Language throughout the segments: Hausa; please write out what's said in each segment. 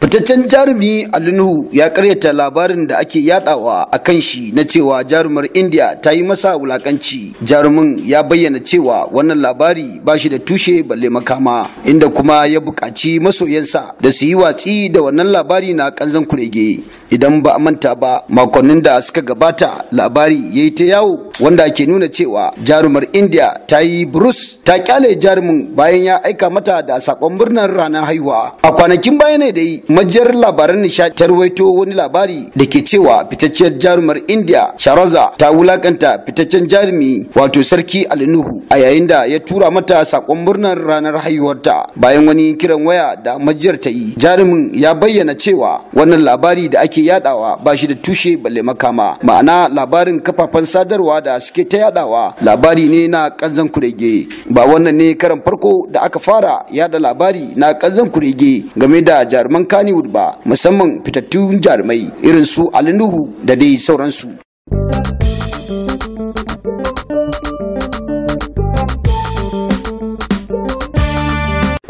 fitaccen jarumi alinuhu ya karyata labarin da ake yadawa a kan shi na cewa jarumar india ta yi masa wulakanci jarumin ya bayyana cewa wannan labari ba shi da tushe balle makama inda kuma ya buƙaci masoyansa da su yi watsi da wannan labari na kanzan kurege idan ba a manta ba makonnin da suka gabata labari ya yi ta yawo wanda ke nuna cewa jarumar india ta yi burus ta kyale jarumin bayan ya aika mata da sakon murnar ranar haihuwa a kwanakin baya ne dai majiyar labaran nishadi ta ruwaito wani labari da ke cewa fitacciyar jarumar india sharaza ta wulakanta fitaccen jarumi wato sarki alinuhu a yayin da ya tura mata sakon murnar ranar haihuwarta bayan wani kiran waya da majiyar ta yi jarumin ya bayyana cewa wannan labari da ake yadawa ba shi da tushe balle makama ma'ana labarin kafafen sadarwa da suke ta yadawa labari ne na kanzan kurege ba wannan ne karan farko da aka fara yada labari na kanzan kurege game da jaruman kaniwood ba musamman fitattun jarumai irin su alinuhu da dai sauransu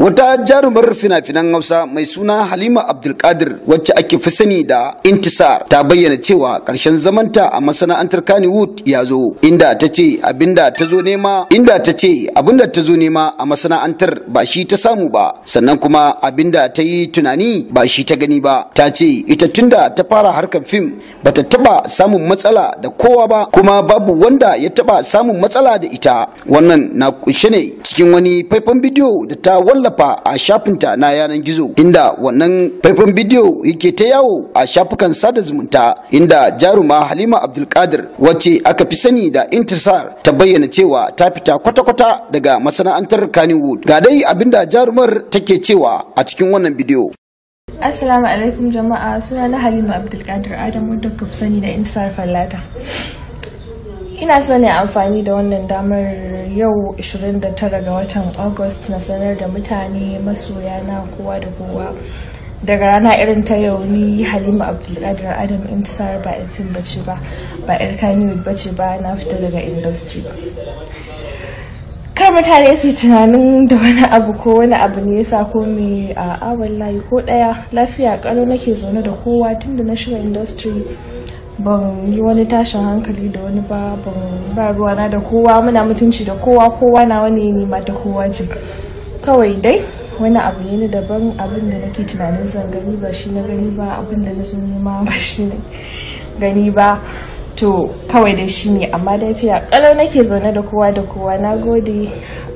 wata jarumar fina-finan hausa mai suna halima abdulkadir wacce ake fi sani da intisar ta bayyana cewa karshen zamanta a masana'antar kannywood ya zo inda ta ce abinda ta zo nema inda ta ce abinda ta zo nema a masana'antar ba shi ta samu ba sannan kuma abinda ta yi tunani ba shi ta gani ba ta ce ita tunda ta fara harkar fim bata taba samun matsala da kowa ba kuma babu wanda ya taba samun matsala da ita wannan na kunshe ne cikin wani faifan bidiyo da ta wallafa wallafa a shafinta na yanar gizo inda wannan faifan bidiyo yake ta yawo a shafukan sada zumunta inda jaruma halima abdulkadir wacce aka fi sani da intisar ta bayyana cewa ta fita kwata-kwata daga masana'antar kaniwood ga dai abinda jarumar take cewa a cikin wannan bidiyo Assalamu alaikum jama'a suna na Halima Abdulkadir Adamu da sani da Intisar Fallata. ina so ne amfani da wannan damar yau 29 ga watan august na sanar da mutane masoya na kowa da kowa daga rana irin ta yau ni halima abdulkadir adam intisar ba fim bace ba ba yar bace ba na fita daga industry kar mutane su tunanin da wani abu ko wani abu ne yasa ko me a layi ko daya lafiya kalo nake zaune da kowa tunda na shiga industry ban yi wani tashin hankali da wani ba ban ba ruwa na da kowa muna mutunci da kowa kowa na wani ne ma da kowa ce kawai dai wani abu ne na daban abin da nake tunanin zan gani ba shi na gani ba abin da na zo nema ba shi gani ba to kawai dai shi ne amma lafiya kalau nake zaune da kowa da kowa na gode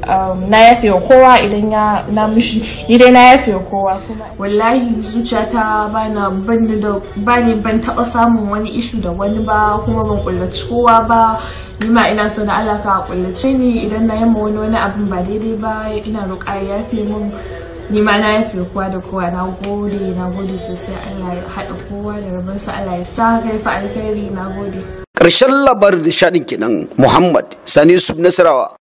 um, na yafe wa kowa idan ya na mushi idan na yafe wa kowa kuma wallahi zuciyata bana ban da bani ban taba samun wani ishu da wani ba kuma ban kullaci kowa ba ni ina so na Allah ka kullace ni idan na yamma wani wani abin ba daidai ba ina roƙa yafe mun ni ma na haifi kowa da kowa na gode na gode sosai Allah ya haɗa kowa da rabinsa Allah ya sa fa alkhairi na gode ƙarshen labarin da shaɗin kenan Muhammad Sani Sub Nasarawa